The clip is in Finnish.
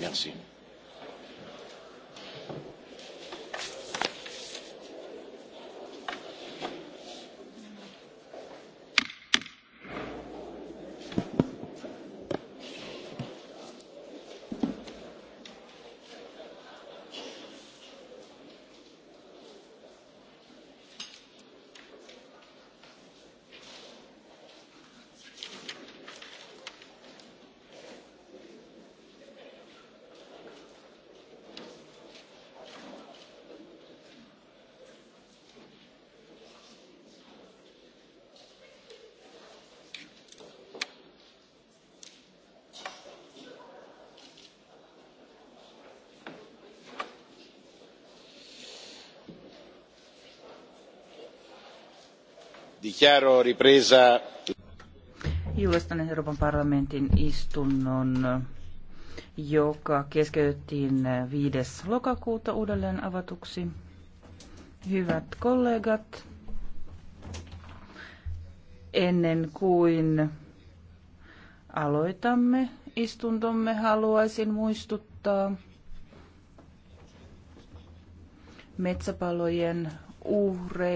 Merci. Dichiaro ripresa. Julistan Euroopan parlamentin istunnon, joka keskeytettiin 5. lokakuuta uudelleen avatuksi. Hyvät kollegat, ennen kuin aloitamme istuntomme, haluaisin muistuttaa metsäpalojen uhreista.